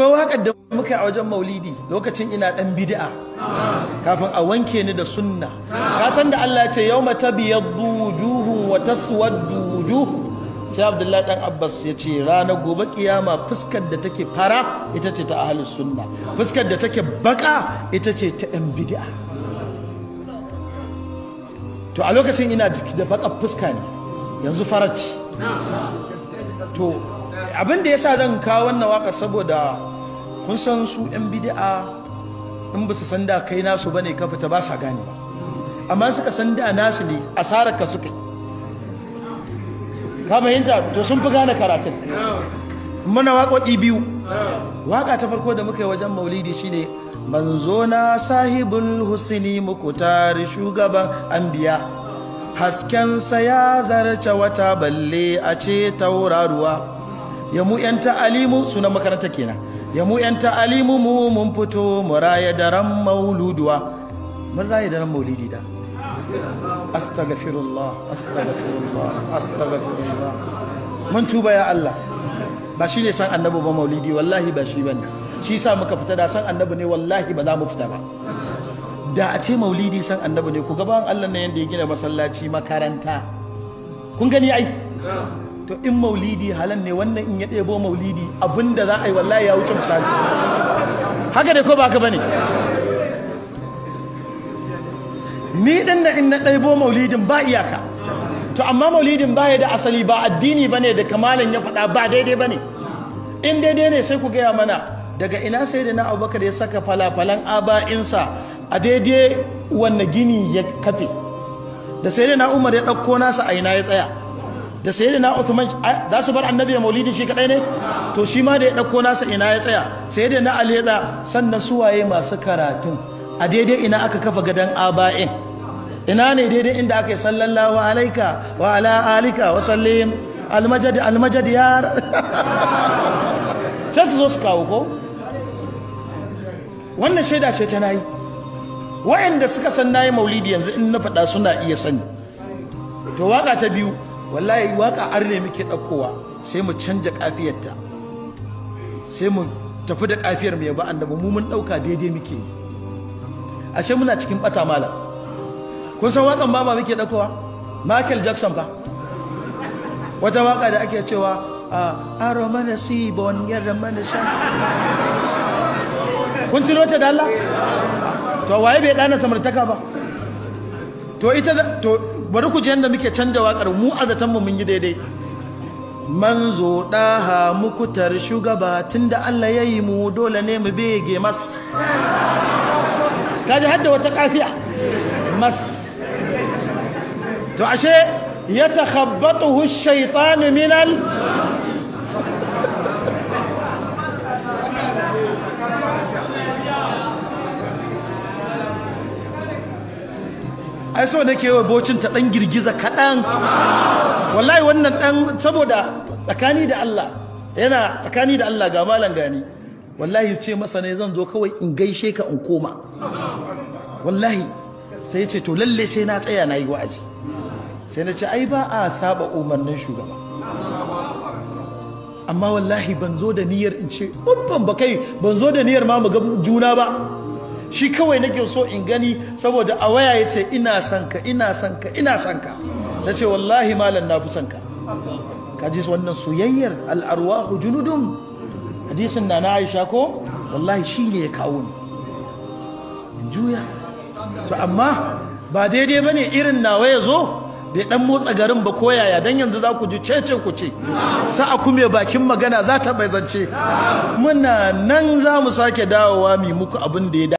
akwai waƙar da muka a wajen maulidi lokacin ina ɗan bid'a kafin a wanke ni da sunna ka san da Allah ce yau mata biyar wa taswaddu wujuhun sai abdullahi dan abbas ya ce ranar gobe kiyama fuskar da take fara ita ce ta ahlus sunna fuskar da take baka ita ce ta ɗan bid'a to a lokacin ina jiki da baka fuska ne yanzu faraci to abin da ya sa zan kawo wannan waka saboda kun san su yan bidi'a in ba su san da kai nasu ne ka fita ba sa gane ba. amma suka san da nasu ne asarar ka suka ka fahimta to sun fi gane karatun muna waƙoƙi biyu waƙa ta farko da muka yi wajen maulidi shine manzo na sahibul husini mukutari shugaban anbiya haskensa ya zarce wata balle a ce tauraruwa ya mu yan ta'alimu sunan makaranta kenan ya mu yan ta'alimu mu mun fito mu raya daren mauluduwa mun raya daren maulidi da astaghfirullah astaghfirullah astaghfirullah mun tuba ya Allah ba shi ne san annabi ba maulidi wallahi ba shi bane shi sa muka fita da san annabi ne wallahi ba za mu fita ba da a ce maulidi san annabi ne ku gaban Allah ne yanda ya gina masallaci makaranta kun gani ai to in maulidi halan ne wannan in ya ɗebo maulidi abinda za a yi wallahi ya wuce misali haka dai ko ba ka ba ni ɗin na in na ɗebo maulidin ba iyaka to amma maulidin ba ya da asali ba addini ba ne da kamalin ya faɗa ba daidai ba ne in daidai ne sai ku gaya mana daga ina sai da na abubakar ya saka falafalan aba'insa a daidai wanne gini ya kafe da sai da na umar ya ɗauko nasa a ina ya tsaya da na Uthman za su bar annabi da maulidi shi kadai ne to shi ma da ya dauko nasa ina ya tsaya na Ali ya tsaya sannan suwaye masu karatun a daidai ina aka kafa gadan aba'in ina ne daidai inda aka yi sallallahu alaika wa ala alika wa sallim almajad almajad ya sai su zo su kawo ko wannan shaida ce ta nayi wa'anda suka san nayi maulidi yanzu in na faɗa suna iya sani to waka ta biyu wallahi waka ne muke ɗaukowa sai mu canja ƙafiyarta sai mu tafi da ƙafiyar mu yaba annabi mu mun ɗauka daidai muke yi ashe muna cikin ɓata malam kun san wakan mama muke ɗaukowa michael jackson ba wata waƙa da ake cewa aro mana si bon yarda mana sha kun tuno ta dala? to waye bai dana samartaka ba to ita to bari ku ji yadda muke canja waƙar mu a zaton mu mun yi daidai zo ɗaha mukutar shugaba da Allah ya yi mu dole ne mu bege mas ta ji hadda wata kafiya mas to ashe ya ta khabbatu shaytanu minal ai so nake wa bocin ta dan girgiza kaɗan wallahi wannan dan saboda tsakani da Allah yana tsakani da Allah ga malam gani wallahi ce masa ne zan zo kawai in gaishe ka in koma wallahi sai ce to lalle sai na tsaya na yi wa'azi sai na ce ai ba a saba umarnin shugaba amma wallahi ban zo da niyyar in ce ubban ba kai ban zo da niyyar ma mu ga juna ba shi kawai nake so in gani saboda a waya ya ce ina son ka ina son ka ina son ka na ce wallahi malam na fi son ka ka ji wannan soyayyar al'arwa junudun hadisin na na aisha ko wallahi shi ne ya kawo ni in juya to amma ba daidai ba ne irin nawa ya zo bai dan motsa garin ba ko yaya dan yanzu za ku ji cece ku ce sa'a kuma bakin magana za ta bai zance muna nan za mu sake dawowa mu muku abin da ya